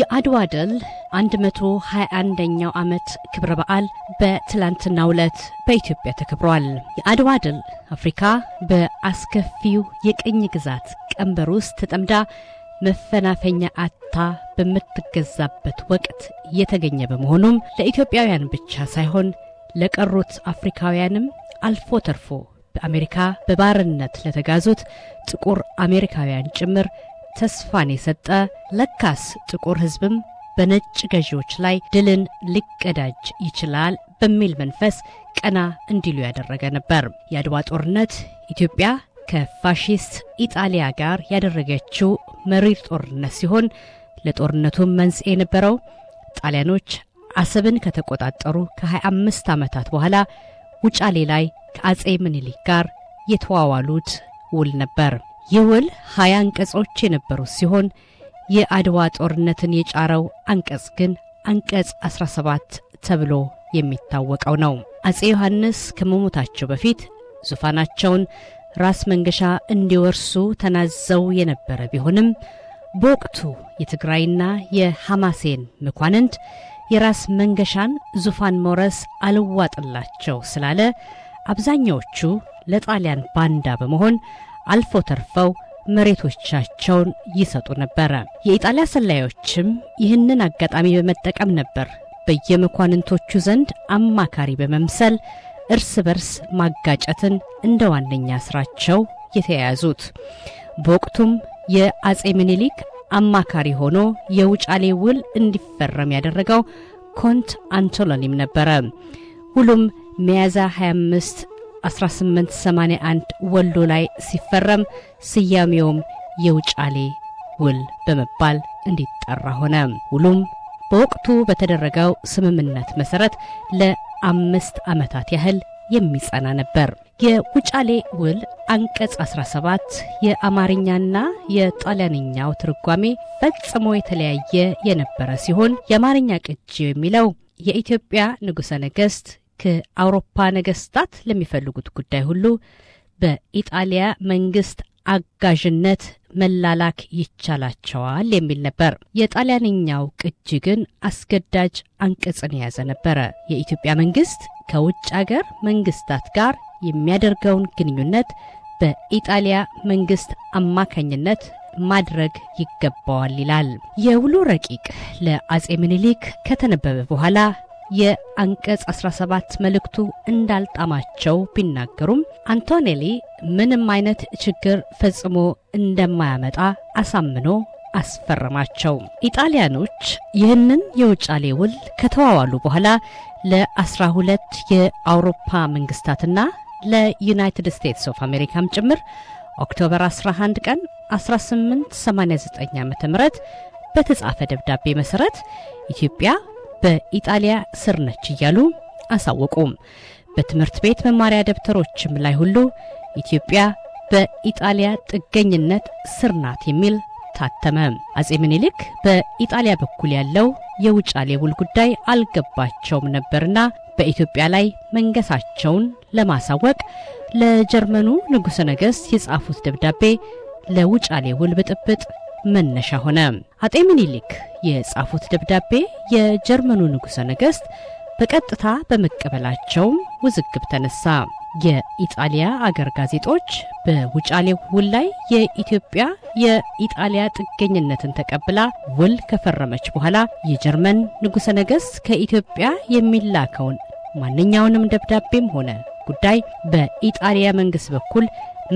የአድዋ ድል 121ኛው ዓመት ክብረ በዓል በትላንትናው ዕለት በኢትዮጵያ ተከብሯል። የአድዋ ድል አፍሪካ በአስከፊው የቅኝ ግዛት ቀንበር ውስጥ ተጠምዳ መፈናፈኛ አታ በምትገዛበት ወቅት የተገኘ በመሆኑም ለኢትዮጵያውያን ብቻ ሳይሆን ለቀሩት አፍሪካውያንም አልፎ ተርፎ በአሜሪካ በባርነት ለተጋዙት ጥቁር አሜሪካውያን ጭምር ተስፋን የሰጠ ለካስ ጥቁር ሕዝብም በነጭ ገዢዎች ላይ ድልን ሊቀዳጅ ይችላል በሚል መንፈስ ቀና እንዲሉ ያደረገ ነበር። የአድዋ ጦርነት ኢትዮጵያ ከፋሺስት ኢጣሊያ ጋር ያደረገችው መሪር ጦርነት ሲሆን ለጦርነቱም መንስኤ የነበረው ጣሊያኖች አሰብን ከተቆጣጠሩ ከ25 ዓመታት በኋላ ውጫሌ ላይ ከአጼ ምኒልክ ጋር የተዋዋሉት ውል ነበር። የውል ሀያ አንቀጾች የነበሩት ሲሆን የአድዋ ጦርነትን የጫረው አንቀጽ ግን አንቀጽ 17 ተብሎ የሚታወቀው ነው። አጼ ዮሐንስ ከመሞታቸው በፊት ዙፋናቸውን ራስ መንገሻ እንዲወርሱ ተናዘው የነበረ ቢሆንም በወቅቱ የትግራይና የሐማሴን መኳንንት የራስ መንገሻን ዙፋን መውረስ አልዋጥላቸው ስላለ አብዛኛዎቹ ለጣሊያን ባንዳ በመሆን አልፎ ተርፈው መሬቶቻቸውን ይሰጡ ነበረ። የኢጣሊያ ሰላዮችም ይህንን አጋጣሚ በመጠቀም ነበር በየመኳንንቶቹ ዘንድ አማካሪ በመምሰል እርስ በርስ ማጋጨትን እንደ ዋነኛ ስራቸው የተያያዙት። በወቅቱም የአጼ ምኒልክ አማካሪ ሆኖ የውጫሌ ውል እንዲፈረም ያደረገው ኮንት አንቶሎኒም ነበረ። ሁሉም ሚያዝያ 25 1881 ወሎ ላይ ሲፈረም ስያሜውም የውጫሌ ውል በመባል እንዲጠራ ሆነ። ውሉም በወቅቱ በተደረገው ስምምነት መሰረት ለአምስት ዓመታት ያህል የሚጸና ነበር። የውጫሌ ውል አንቀጽ 17 የአማርኛና የጣሊያንኛው ትርጓሜ ፈጽሞ የተለያየ የነበረ ሲሆን የአማርኛ ቅጂ የሚለው የኢትዮጵያ ንጉሠ ነገሥት ከአውሮፓ ነገስታት ለሚፈልጉት ጉዳይ ሁሉ በኢጣሊያ መንግስት አጋዥነት መላላክ ይቻላቸዋል የሚል ነበር። የጣሊያንኛው ቅጂ ግን አስገዳጅ አንቀጽን የያዘ ነበረ። የኢትዮጵያ መንግስት ከውጭ አገር መንግስታት ጋር የሚያደርገውን ግንኙነት በኢጣሊያ መንግስት አማካኝነት ማድረግ ይገባዋል ይላል። የውሉ ረቂቅ ለአጼ ምኒልክ ከተነበበ በኋላ የአንቀጽ 17 መልእክቱ እንዳልጣማቸው ቢናገሩም አንቶኔሊ ምንም አይነት ችግር ፈጽሞ እንደማያመጣ አሳምኖ አስፈረማቸው። ኢጣሊያኖች ይህንን የውጫሌ ውል ከተዋዋሉ በኋላ ለ12 የአውሮፓ መንግስታትና ለዩናይትድ ስቴትስ ኦፍ አሜሪካም ጭምር ኦክቶበር 11 ቀን 1889 ዓ ም በተጻፈ ደብዳቤ መሠረት ኢትዮጵያ በኢጣሊያ ስር ነች እያሉ አሳወቁም። በትምህርት ቤት መማሪያ ደብተሮችም ላይ ሁሉ ኢትዮጵያ በኢጣሊያ ጥገኝነት ስር ናት የሚል ታተመ። አጼ ምኒልክ በኢጣሊያ በኩል ያለው የውጫሌ ውል ጉዳይ አልገባቸውም ነበርና በኢትዮጵያ ላይ መንገሳቸውን ለማሳወቅ ለጀርመኑ ንጉሠ ነገሥት የጻፉት ደብዳቤ ለውጫሌ ውል ብጥብጥ መነሻ ሆነ። አጤ ምኒልክ የጻፉት ደብዳቤ የጀርመኑ ንጉሠ ነገሥት በቀጥታ በመቀበላቸውም ውዝግብ ተነሳ። የኢጣሊያ አገር ጋዜጦች በውጫሌ ውል ላይ የኢትዮጵያ የኢጣሊያ ጥገኝነትን ተቀብላ ውል ከፈረመች በኋላ የጀርመን ንጉሠ ነገሥት ከኢትዮጵያ የሚላከውን ማንኛውንም ደብዳቤም ሆነ ጉዳይ በኢጣሊያ መንግሥት በኩል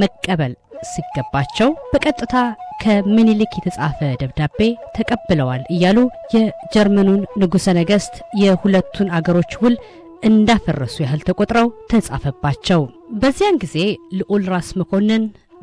መቀበል ሲገባቸው በቀጥታ ከምኒልክ የተጻፈ ደብዳቤ ተቀብለዋል እያሉ የጀርመኑን ንጉሠ ነገሥት የሁለቱን አገሮች ውል እንዳፈረሱ ያህል ተቆጥረው ተጻፈባቸው። በዚያን ጊዜ ልዑል ራስ መኮንን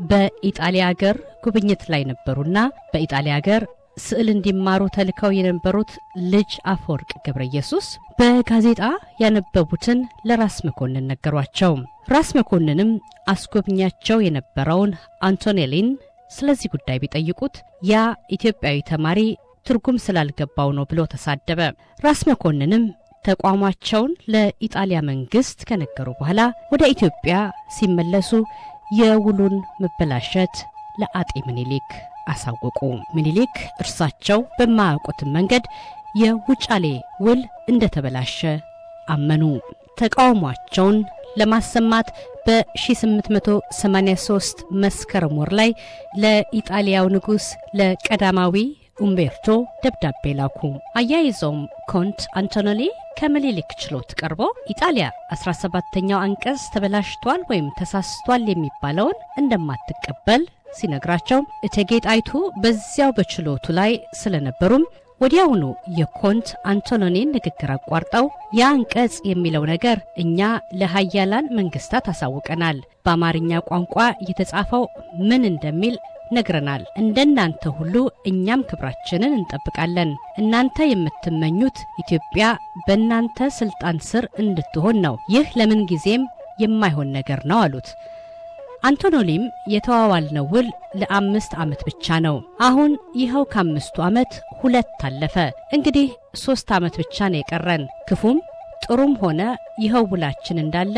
በኢጣሊያ አገር ጉብኝት ላይ ነበሩና በኢጣሊያ አገር ስዕል እንዲማሩ ተልከው የነበሩት ልጅ አፈወርቅ ገብረ ኢየሱስ በጋዜጣ ያነበቡትን ለራስ መኮንን ነገሯቸው። ራስ መኮንንም አስጎብኛቸው የነበረውን አንቶኔሊን ስለዚህ ጉዳይ ቢጠይቁት ያ ኢትዮጵያዊ ተማሪ ትርጉም ስላልገባው ነው ብሎ ተሳደበ። ራስ መኮንንም ተቋማቸውን ለኢጣሊያ መንግስት ከነገሩ በኋላ ወደ ኢትዮጵያ ሲመለሱ የውሉን መበላሸት ለአጤ ምኒሊክ አሳወቁ። ምኒሊክ እርሳቸው በማያውቁትም መንገድ የውጫሌ ውል እንደተበላሸ አመኑ። ተቃውሟቸውን ለማሰማት በ1883 መስከረም ወር ላይ ለኢጣሊያው ንጉሥ ለቀዳማዊ ኡምቤርቶ ደብዳቤ ላኩ። አያይዘውም ኮንት አንቶኖሊ ከምኒልክ ችሎት ቀርቦ ኢጣሊያ 17ኛው አንቀጽ ተበላሽቷል ወይም ተሳስቷል የሚባለውን እንደማትቀበል ሲነግራቸው እቴጌ ጣይቱ በዚያው በችሎቱ ላይ ስለነበሩም ወዲያውኑ የኮንት አንቶሎኒን ንግግር አቋርጠው የአንቀጽ የሚለው ነገር እኛ ለሀያላን መንግስታት አሳውቀናል፣ በአማርኛ ቋንቋ የተጻፈው ምን እንደሚል ነግረናል። እንደናንተ ሁሉ እኛም ክብራችንን እንጠብቃለን። እናንተ የምትመኙት ኢትዮጵያ በእናንተ ስልጣን ስር እንድትሆን ነው። ይህ ለምን ጊዜም የማይሆን ነገር ነው አሉት። አንቶኖሊም የተዋዋልነው ውል ለአምስት ዓመት ብቻ ነው። አሁን ይኸው ከአምስቱ ዓመት ሁለት አለፈ። እንግዲህ ሦስት ዓመት ብቻ ነው የቀረን። ክፉም ጥሩም ሆነ ይኸው ውላችን እንዳለ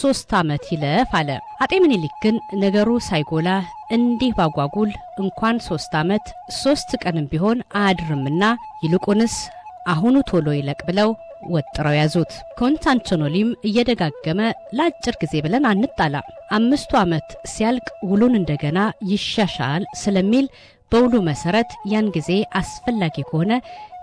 ሦስት ዓመት ይለፍ አለ። አጤ ምኒልክ ግን ነገሩ ሳይጎላ እንዲህ ባጓጉል እንኳን ሦስት ዓመት ሦስት ቀንም ቢሆን አያድርምና ይልቁንስ አሁኑ ቶሎ ይለቅ ብለው ወጥረው ያዙት። ኮንታንቸኖሊም እየደጋገመ ለአጭር ጊዜ ብለን አንጣላ፣ አምስቱ ዓመት ሲያልቅ ውሉን እንደገና ይሻሻል ስለሚል በውሉ መሰረት ያን ጊዜ አስፈላጊ ከሆነ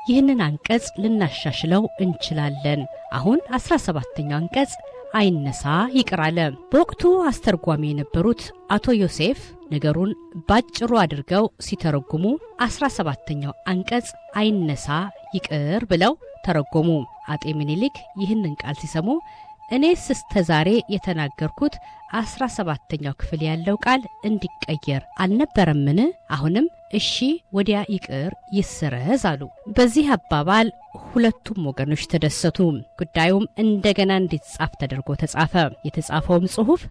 ይህንን አንቀጽ ልናሻሽለው እንችላለን። አሁን አስራ ሰባተኛው አንቀጽ አይነሳ ይቅር አለ። በወቅቱ አስተርጓሚ የነበሩት አቶ ዮሴፍ ነገሩን ባጭሩ አድርገው ሲተረጉሙ አስራ ሰባተኛው አንቀጽ አይነሳ ይቅር ብለው ተረጎሙ። አጤ ምኒልክ ይህንን ቃል ሲሰሙ እኔስ እስከ ዛሬ የተናገርኩት አስራ ሰባተኛው ክፍል ያለው ቃል እንዲቀየር አልነበረምን? አሁንም እሺ ወዲያ ይቅር ይሰረዝ አሉ። በዚህ አባባል ሁለቱም ወገኖች ተደሰቱ። ጉዳዩም እንደገና እንዲጻፍ ተደርጎ ተጻፈ። የተጻፈውም ጽሑፍ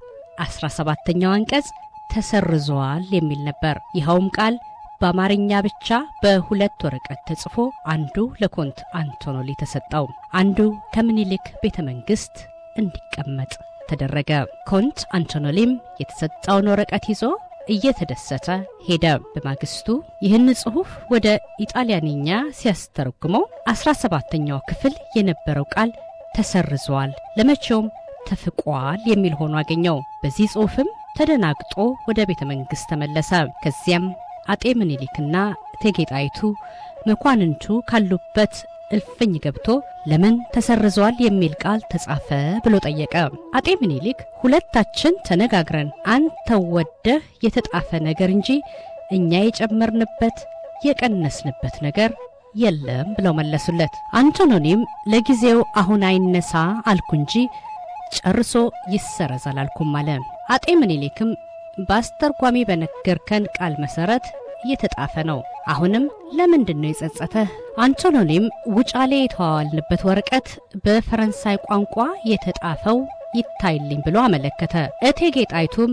አስራ ሰባተኛው አንቀጽ ተሰርዘዋል የሚል ነበር። ይኸውም ቃል በአማርኛ ብቻ በሁለት ወረቀት ተጽፎ አንዱ ለኮንት አንቶኖሊ ተሰጠው፣ አንዱ ከምኒልክ ቤተ መንግሥት እንዲቀመጥ ተደረገ። ኮንት አንቶኖሊም የተሰጠውን ወረቀት ይዞ እየተደሰተ ሄደ። በማግስቱ ይህን ጽሑፍ ወደ ኢጣሊያንኛ ሲያስተረጉመው አስራ ሰባተኛው ክፍል የነበረው ቃል ተሰርዟል፣ ለመቼውም ተፍቋል የሚል ሆኖ አገኘው። በዚህ ጽሑፍም ተደናግጦ ወደ ቤተ መንግሥት ተመለሰ። ከዚያም አጤ ምኒሊክና እቴጌ ጣይቱ መኳንንቱ ካሉበት እልፍኝ ገብቶ ለምን ተሰርዟል የሚል ቃል ተጻፈ ብሎ ጠየቀ። አጤ ምኒልክ ሁለታችን ተነጋግረን አንተ ወደህ የተጣፈ ነገር እንጂ እኛ የጨመርንበት የቀነስንበት ነገር የለም ብለው መለሱለት። አንቶኖኒም ለጊዜው አሁን አይነሳ አልኩ እንጂ ጨርሶ ይሰረዛል አልኩም አለ። አጤ ምኒልክም በአስተርጓሚ በነገርከን ቃል መሰረት እየተጣፈ ነው አሁንም ለምንድን ነው የጸጸተህ? አንቶኖኒም ውጫሌ የተዋዋልንበት ወረቀት በፈረንሳይ ቋንቋ የተጣፈው ይታይልኝ ብሎ አመለከተ። እቴጌ ጣይቱም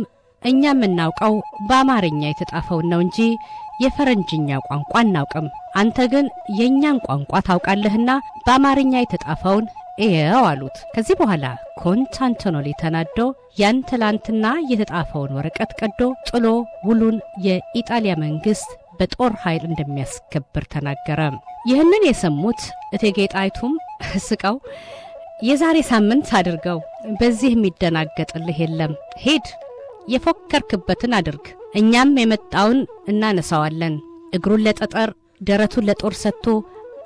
እኛ የምናውቀው በአማርኛ የተጣፈውን ነው እንጂ የፈረንጅኛ ቋንቋ አናውቅም። አንተ ግን የእኛን ቋንቋ ታውቃለህና በአማርኛ የተጣፈውን እየው አሉት። ከዚህ በኋላ ኮንታንቶኖሊ ተናዶ ያን ትላንትና የተጣፈውን ወረቀት ቀዶ ጥሎ ውሉን የኢጣሊያ መንግስት በጦር ኃይል እንደሚያስከብር ተናገረ። ይህንን የሰሙት እቴጌ ጣይቱም ስቀው የዛሬ ሳምንት አድርገው፣ በዚህ የሚደናገጥልህ የለም፣ ሄድ የፎከርክበትን አድርግ፣ እኛም የመጣውን እናነሳዋለን። እግሩን ለጠጠር ደረቱን ለጦር ሰጥቶ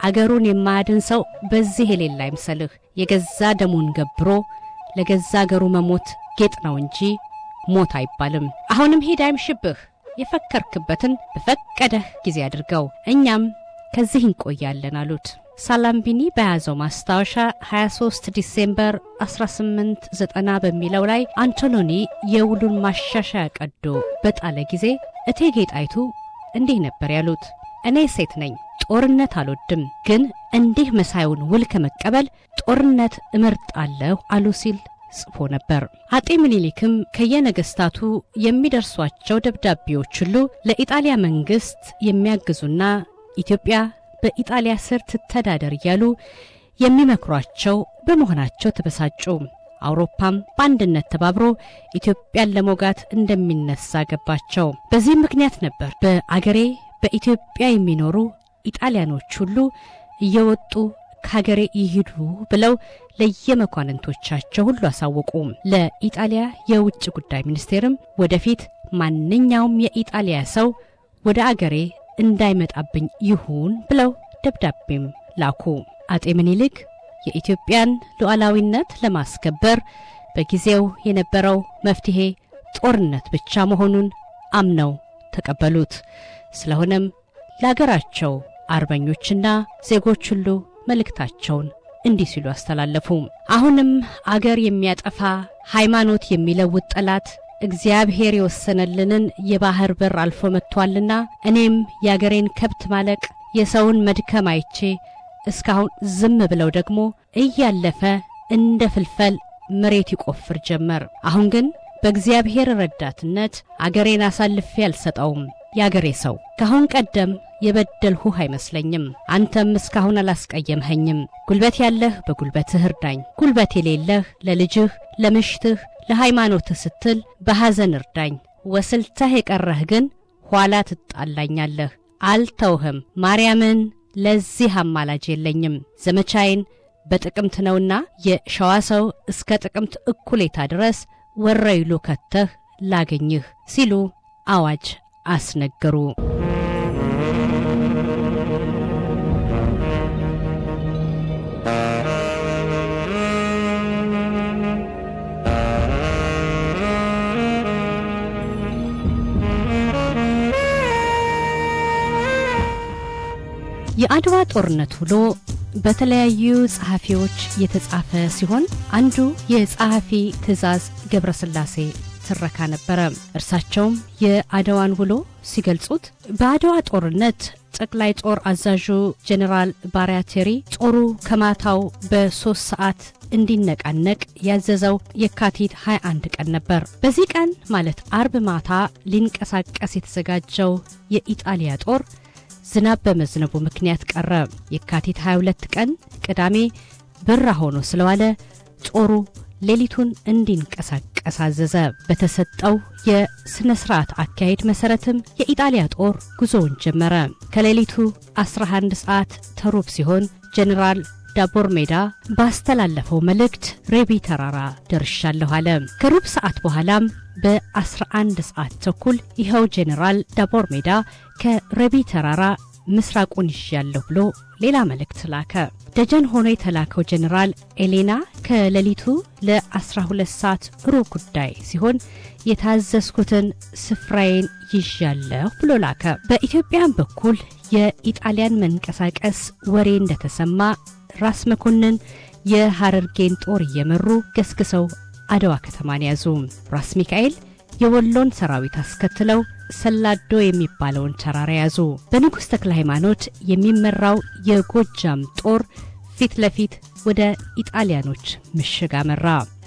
አገሩን የማያድን ሰው በዚህ የሌላ አይምሰልህ። የገዛ ደሙን ገብሮ ለገዛ አገሩ መሞት ጌጥ ነው እንጂ ሞት አይባልም። አሁንም ሄድ አይምሽብህ። የፈከርክበትን በፈቀደህ ጊዜ አድርገው፣ እኛም ከዚህ እንቆያለን አሉት። ሳላምቢኒ በያዘው ማስታወሻ 23 ዲሴምበር 1890 በሚለው ላይ አንቶሎኒ የውሉን ማሻሻያ ቀዶ በጣለ ጊዜ እቴጌ ጣይቱ እንዲህ ነበር ያሉት። እኔ ሴት ነኝ፣ ጦርነት አልወድም፣ ግን እንዲህ መሳዩን ውል ከመቀበል ጦርነት እመርጣለሁ አሉ ሲል ጽፎ ነበር። አጤ ምኒሊክም ከየነገስታቱ የሚደርሷቸው ደብዳቤዎች ሁሉ ለኢጣሊያ መንግስት የሚያግዙና ኢትዮጵያ በኢጣሊያ ስር ትተዳደር እያሉ የሚመክሯቸው በመሆናቸው ተበሳጩ። አውሮፓም በአንድነት ተባብሮ ኢትዮጵያን ለመውጋት እንደሚነሳ ገባቸው። በዚህም ምክንያት ነበር በአገሬ በኢትዮጵያ የሚኖሩ ኢጣሊያኖች ሁሉ እየወጡ ከሀገሬ ይሂዱ ብለው ለየመኳንንቶቻቸው ሁሉ አሳወቁ። ለኢጣሊያ የውጭ ጉዳይ ሚኒስቴርም ወደፊት ማንኛውም የኢጣሊያ ሰው ወደ አገሬ እንዳይመጣብኝ ይሁን ብለው ደብዳቤም ላኩ። አጤ ምኒልክ የኢትዮጵያን ሉዓላዊነት ለማስከበር በጊዜው የነበረው መፍትሄ ጦርነት ብቻ መሆኑን አምነው ተቀበሉት። ስለሆነም ለአገራቸው አርበኞችና ዜጎች ሁሉ መልእክታቸውን እንዲህ ሲሉ አስተላለፉ። አሁንም አገር የሚያጠፋ ሃይማኖት የሚለውጥ ጠላት እግዚአብሔር የወሰነልንን የባህር በር አልፎ መጥቷልና እኔም የአገሬን ከብት ማለቅ የሰውን መድከም አይቼ እስካሁን ዝም ብለው ደግሞ እያለፈ እንደ ፍልፈል መሬት ይቆፍር ጀመር። አሁን ግን በእግዚአብሔር ረዳትነት አገሬን አሳልፌ አልሰጠውም ያገሬ ሰው ከአሁን ቀደም የበደልሁህ አይመስለኝም። አንተም እስካሁን አላስቀየምኸኝም። ጉልበት ያለህ በጉልበትህ እርዳኝ፣ ጉልበት የሌለህ ለልጅህ፣ ለምሽትህ፣ ለሃይማኖትህ ስትል በሐዘን እርዳኝ። ወስልተህ የቀረህ ግን ኋላ ትጣላኛለህ። አልተውህም። ማርያምን ለዚህ አማላጅ የለኝም። ዘመቻዬን በጥቅምት ነውና የሸዋ ሰው እስከ ጥቅምት እኩሌታ ድረስ ወረይሉ ከተህ ላገኝህ ሲሉ አዋጅ አስነገሩ። የአድዋ ጦርነት ውሎ በተለያዩ ጸሐፊዎች የተጻፈ ሲሆን አንዱ የጸሐፊ ትእዛዝ ገብረስላሴ ትረካ ነበረ። እርሳቸውም የአድዋን ውሎ ሲገልጹት በአድዋ ጦርነት ጠቅላይ ጦር አዛዡ ጄኔራል ባሪያቴሪ ጦሩ ከማታው በሶስት ሰዓት እንዲነቃነቅ ያዘዘው የካቲት 21 ቀን ነበር። በዚህ ቀን ማለት አርብ ማታ ሊንቀሳቀስ የተዘጋጀው የኢጣሊያ ጦር ዝናብ በመዝነቡ ምክንያት ቀረ። የካቲት 22 ቀን ቅዳሜ ብራ ሆኖ ስለዋለ ጦሩ ሌሊቱን እንዲንቀሳቀስ አዘዘ። በተሰጠው የሥነ ሥርዓት አካሄድ መሠረትም የኢጣሊያ ጦር ጉዞውን ጀመረ። ከሌሊቱ 11 ሰዓት ተሩብ ሲሆን ጀኔራል ዳቦር ሜዳ ባስተላለፈው መልእክት ሬቢ ተራራ ደርሻለሁ አለ። ከሩብ ሰዓት በኋላም በ11 ሰዓት ተኩል ይኸው ጄኔራል ዳቦር ሜዳ ከሬቢ ተራራ ምስራቁን ይዣለሁ ብሎ ሌላ መልእክት ላከ። ደጀን ሆኖ የተላከው ጀኔራል ኤሌና ከሌሊቱ ለ12 ሰዓት ሩብ ጉዳይ ሲሆን የታዘዝኩትን ስፍራዬን ይዣለሁ ብሎ ላከ። በኢትዮጵያን በኩል የኢጣሊያን መንቀሳቀስ ወሬ እንደተሰማ ራስ መኮንን የሐረርጌን ጦር እየመሩ ገስግሰው አድዋ ከተማን ያዙ። ራስ ሚካኤል የወሎን ሰራዊት አስከትለው ሰላዶ የሚባለውን ተራራ ያዙ። በንጉሥ ተክለ ሃይማኖት የሚመራው የጎጃም ጦር ፊት ለፊት ወደ ኢጣሊያኖች ምሽግ አመራ።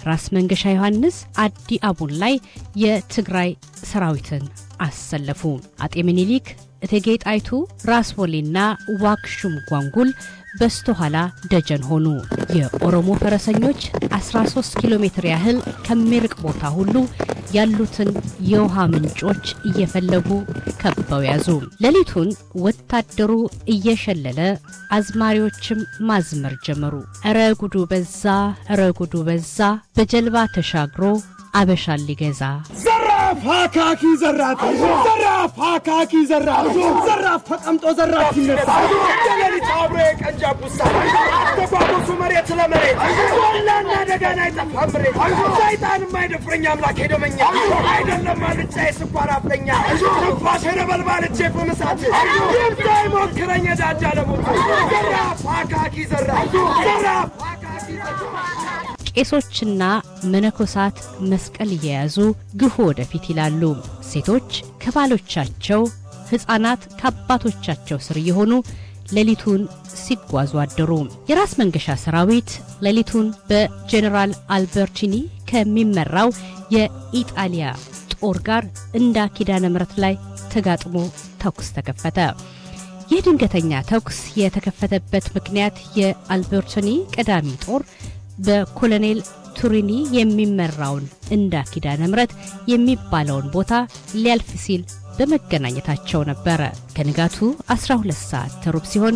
ራስ መንገሻ ዮሐንስ አዲ አቡን ላይ የትግራይ ሰራዊትን አሰለፉ። አጤ ምኒልክ እቴጌ ጣይቱ ራስ ወሌና ዋክሹም ጓንጉል በስተኋላ ደጀን ሆኑ። የኦሮሞ ፈረሰኞች 13 ኪሎ ሜትር ያህል ከሚርቅ ቦታ ሁሉ ያሉትን የውሃ ምንጮች እየፈለጉ ከበው ያዙ። ሌሊቱን ወታደሩ እየሸለለ አዝማሪዎችም ማዝመር ጀመሩ። እረ ጉዱ በዛ፣ እረ ጉዱ በዛ፣ በጀልባ ተሻግሮ አበሻን ሊገዛ ዘራፍ ሀካኪ ዘራፍ ዘራፍ ሀካኪ ዘራፍ ዘራፍ ተቀምጦ ዘራፍ ሲነሳ የሌሊት አብሮ የቀንጃ ጉሳ አተጓጎሱ መሬት ለመሬት ወላና ደጋና አይጠፋም ምሬት ሰይጣንም አይደፍረኝ አምላክ ሄደመኛ አይደለም አልጫ የስኳር አፍለኛ ትንፋሽ ነበልባል እጄ ፍምሳት ይምታ ይሞክረኝ ዳጃ ለሞት ዘራፍ ሀካኪ ዘራፍ ዘራፍ ሀካኪ ዘራፍ ቄሶችና መነኮሳት መስቀል እየያዙ ግፉ ወደፊት ይላሉ። ሴቶች ከባሎቻቸው፣ ሕፃናት ከአባቶቻቸው ስር የሆኑ ሌሊቱን ሲጓዙ አደሩ። የራስ መንገሻ ሰራዊት ሌሊቱን በጀኔራል አልበርቲኒ ከሚመራው የኢጣሊያ ጦር ጋር እንዳ ኪዳነ ምረት ላይ ተጋጥሞ ተኩስ ተከፈተ። ይህ ድንገተኛ ተኩስ የተከፈተበት ምክንያት የአልበርቲኒ ቀዳሚ ጦር በኮሎኔል ቱሪኒ የሚመራውን እንዳ ኪዳነ ነምረት የሚባለውን ቦታ ሊያልፍ ሲል በመገናኘታቸው ነበረ። ከንጋቱ 12 ሰዓት ተሩብ ሲሆን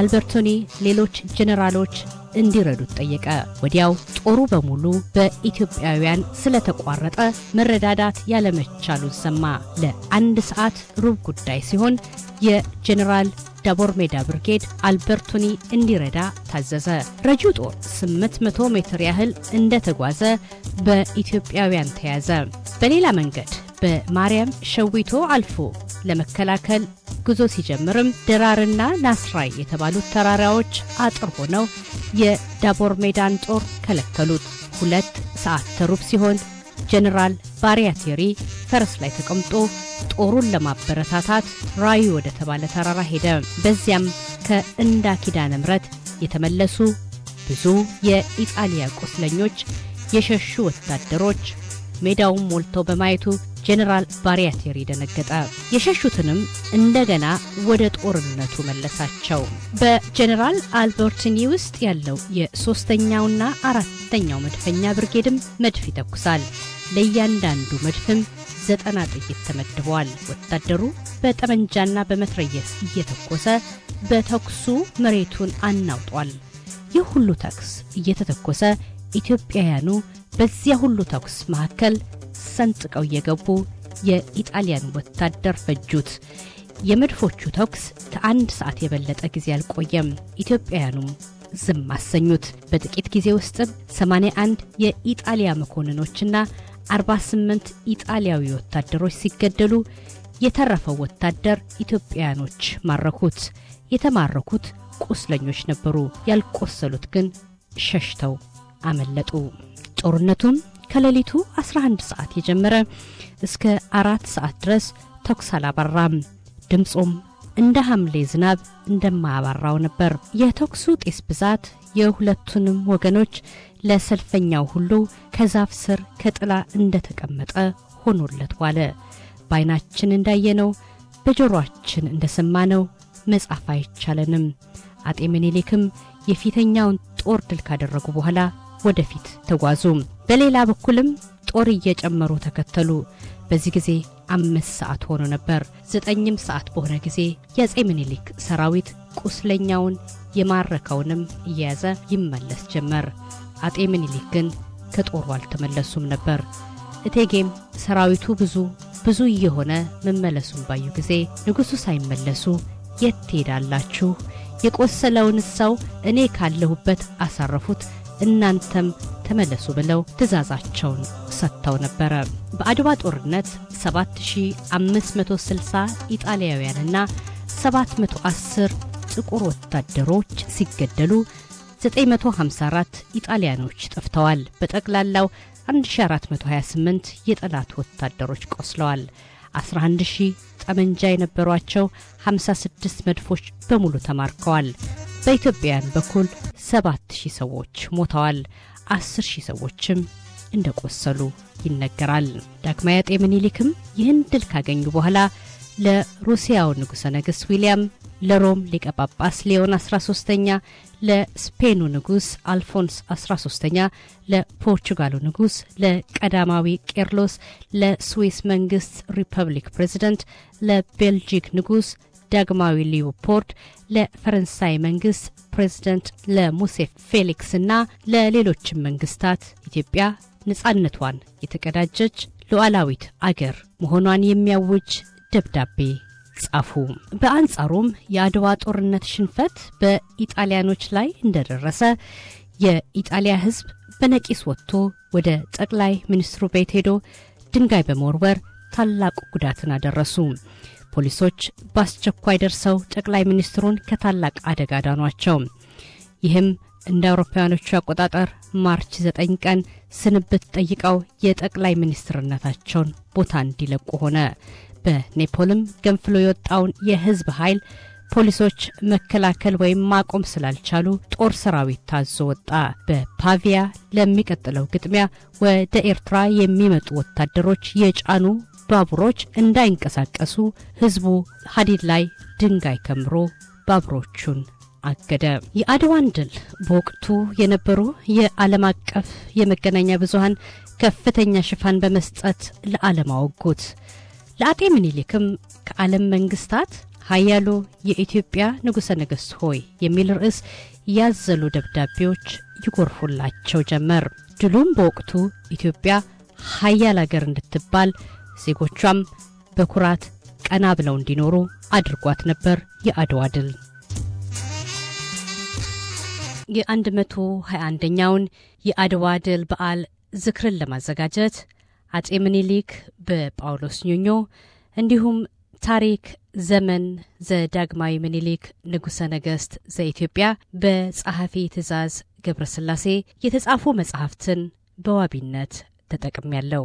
አልበርቶኒ ሌሎች ጄኔራሎች እንዲረዱት ጠየቀ። ወዲያው ጦሩ በሙሉ በኢትዮጵያውያን ስለተቋረጠ መረዳዳት ያለመቻሉን ሰማ። ለአንድ ሰዓት ሩብ ጉዳይ ሲሆን የጄኔራል ደቦር ሜዳ ብርጌድ አልበርቱኒ እንዲረዳ ታዘዘ። ረጂው ጦር 800 ሜትር ያህል እንደተጓዘ በኢትዮጵያውያን ተያዘ። በሌላ መንገድ በማርያም ሸዊቶ አልፎ ለመከላከል ጉዞ ሲጀምርም ደራርና ናስራይ የተባሉት ተራራዎች አጥር ሆነው የዳቦር ሜዳን ጦር ከለከሉት። ሁለት ሰዓት ተሩብ ሲሆን ጀኔራል ባሪያቴሪ ፈረስ ላይ ተቀምጦ ጦሩን ለማበረታታት ራዩ ወደ ተባለ ተራራ ሄደ። በዚያም ከእንዳ ኪዳነ ምረት የተመለሱ ብዙ የኢጣሊያ ቁስለኞች፣ የሸሹ ወታደሮች ሜዳውን ሞልቶ በማየቱ ጄኔራል ባሪያቴሪ ደነገጠ። የሸሹትንም እንደገና ወደ ጦርነቱ መለሳቸው። በጄኔራል አልበርቲኒ ውስጥ ያለው የሶስተኛውና አራተኛው መድፈኛ ብርጌድም መድፍ ይተኩሳል። ለእያንዳንዱ መድፍም ዘጠና ጥይት ተመድበዋል። ወታደሩ በጠመንጃና በመትረየስ እየተኮሰ በተኩሱ መሬቱን አናውጧል። ይህ ሁሉ ተኩስ እየተተኮሰ ኢትዮጵያውያኑ በዚያ ሁሉ ተኩስ መካከል ሰንጥቀው እየገቡ የኢጣሊያን ወታደር ፈጁት። የመድፎቹ ተኩስ ከአንድ ሰዓት የበለጠ ጊዜ አልቆየም። ኢትዮጵያውያኑም ዝም አሰኙት። በጥቂት ጊዜ ውስጥም 81 የኢጣሊያ መኮንኖችና 48 ኢጣሊያዊ ወታደሮች ሲገደሉ የተረፈው ወታደር ኢትዮጵያኖች ማረኩት። የተማረኩት ቁስለኞች ነበሩ። ያልቆሰሉት ግን ሸሽተው አመለጡ። ጦርነቱም ከሌሊቱ 11 ሰዓት የጀመረ እስከ አራት ሰዓት ድረስ ተኩስ አላባራም። ድምፆም እንደ ሐምሌ ዝናብ እንደማያባራው ነበር። የተኩሱ ጢስ ብዛት የሁለቱንም ወገኖች ለሰልፈኛው ሁሉ ከዛፍ ስር ከጥላ እንደተቀመጠ ሆኖለት ዋለ። በዓይናችን እንዳየነው በጆሮአችን እንደሰማነው መጻፍ አይቻለንም። አጤ ምኒልክም የፊተኛውን ጦር ድል ካደረጉ በኋላ ወደፊት ተጓዙ። በሌላ በኩልም ጦር እየጨመሩ ተከተሉ። በዚህ ጊዜ አምስት ሰዓት ሆኖ ነበር። ዘጠኝም ሰዓት በሆነ ጊዜ የአጼ ምኒልክ ሰራዊት ቁስለኛውን የማረከውንም እየያዘ ይመለስ ጀመር። አጤ ምኒልክ ግን ከጦሩ አልተመለሱም ነበር። እቴጌም ሰራዊቱ ብዙ ብዙ እየሆነ መመለሱን ባዩ ጊዜ ንጉሡ ሳይመለሱ የት ትሄዳላችሁ? የቆሰለውን ሰው እኔ ካለሁበት አሳረፉት፣ እናንተም ተመለሱ ብለው ትእዛዛቸውን ሰጥተው ነበረ። በአድዋ ጦርነት 7560 ኢጣሊያውያንና 710 ጥቁር ወታደሮች ሲገደሉ 954 ኢጣሊያኖች ጠፍተዋል። በጠቅላላው 1428 የጠላት ወታደሮች ቆስለዋል። 11 ሺህ ጠመንጃ የነበሯቸው 56 መድፎች በሙሉ ተማርከዋል። በኢትዮጵያውያን በኩል 7 ሺህ ሰዎች ሞተዋል። 10 ሺህ ሰዎችም እንደቆሰሉ ይነገራል። ዳግማዊ አጤ ምኒልክም ይህን ድል ካገኙ በኋላ ለሩሲያው ንጉሠ ነገሥት ዊልያም ለሮም ሊቀ ጳጳስ ሊዮን 13ኛ፣ ለስፔኑ ንጉሥ አልፎንስ 13ኛ፣ ለፖርቹጋሉ ንጉሥ ለቀዳማዊ ቄርሎስ፣ ለስዊስ መንግሥት ሪፐብሊክ ፕሬዚደንት፣ ለቤልጂክ ንጉሥ ዳግማዊ ሊዮፖርድ ለፈረንሳይ መንግስት ፕሬዚደንት ለሙሴ ፌሊክስ እና ለሌሎችም መንግስታት ኢትዮጵያ ነፃነቷን የተቀዳጀች ሉዓላዊት አገር መሆኗን የሚያውጅ ደብዳቤ ጻፉ። በአንጻሩም የአድዋ ጦርነት ሽንፈት በኢጣሊያኖች ላይ እንደደረሰ የኢጣሊያ ሕዝብ በነቂስ ወጥቶ ወደ ጠቅላይ ሚኒስትሩ ቤት ሄዶ ድንጋይ በመወርወር ታላቅ ጉዳትን አደረሱ። ፖሊሶች በአስቸኳይ ደርሰው ጠቅላይ ሚኒስትሩን ከታላቅ አደጋ ዳኗቸው። ይህም እንደ አውሮፓውያኖቹ አቆጣጠር ማርች 9 ቀን ስንብት ጠይቀው የጠቅላይ ሚኒስትርነታቸውን ቦታ እንዲለቁ ሆነ። በኔፖልም ገንፍሎ የወጣውን የህዝብ ኃይል ፖሊሶች መከላከል ወይም ማቆም ስላልቻሉ ጦር ሰራዊት ታዞ ወጣ። በፓቪያ ለሚቀጥለው ግጥሚያ ወደ ኤርትራ የሚመጡ ወታደሮች የጫኑ ባቡሮች እንዳይንቀሳቀሱ ህዝቡ ሀዲድ ላይ ድንጋይ ከምሮ ባቡሮቹን አገደ። የአድዋን ድል በወቅቱ የነበሩ የዓለም አቀፍ የመገናኛ ብዙሃን ከፍተኛ ሽፋን በመስጠት ለዓለም አወጉት። ለአጤ ምኒልክም ከዓለም መንግስታት ሀያሉ የኢትዮጵያ ንጉሠ ነገሥት ሆይ የሚል ርዕስ ያዘሉ ደብዳቤዎች ይጎርፉላቸው ጀመር። ድሉም በወቅቱ ኢትዮጵያ ሀያል አገር እንድትባል ዜጎቿም በኩራት ቀና ብለው እንዲኖሩ አድርጓት ነበር። የአድዋ ድል የ121ኛውን የአድዋ ድል በዓል ዝክርን ለማዘጋጀት አጼ ምኒሊክ በጳውሎስ ኞኞ እንዲሁም ታሪክ ዘመን ዘዳግማዊ ምኒሊክ ንጉሠ ነገሥት ዘኢትዮጵያ በጸሐፊ ትእዛዝ ገብረ ስላሴ የተጻፉ መጽሐፍትን በዋቢነት ተጠቅሜያለሁ።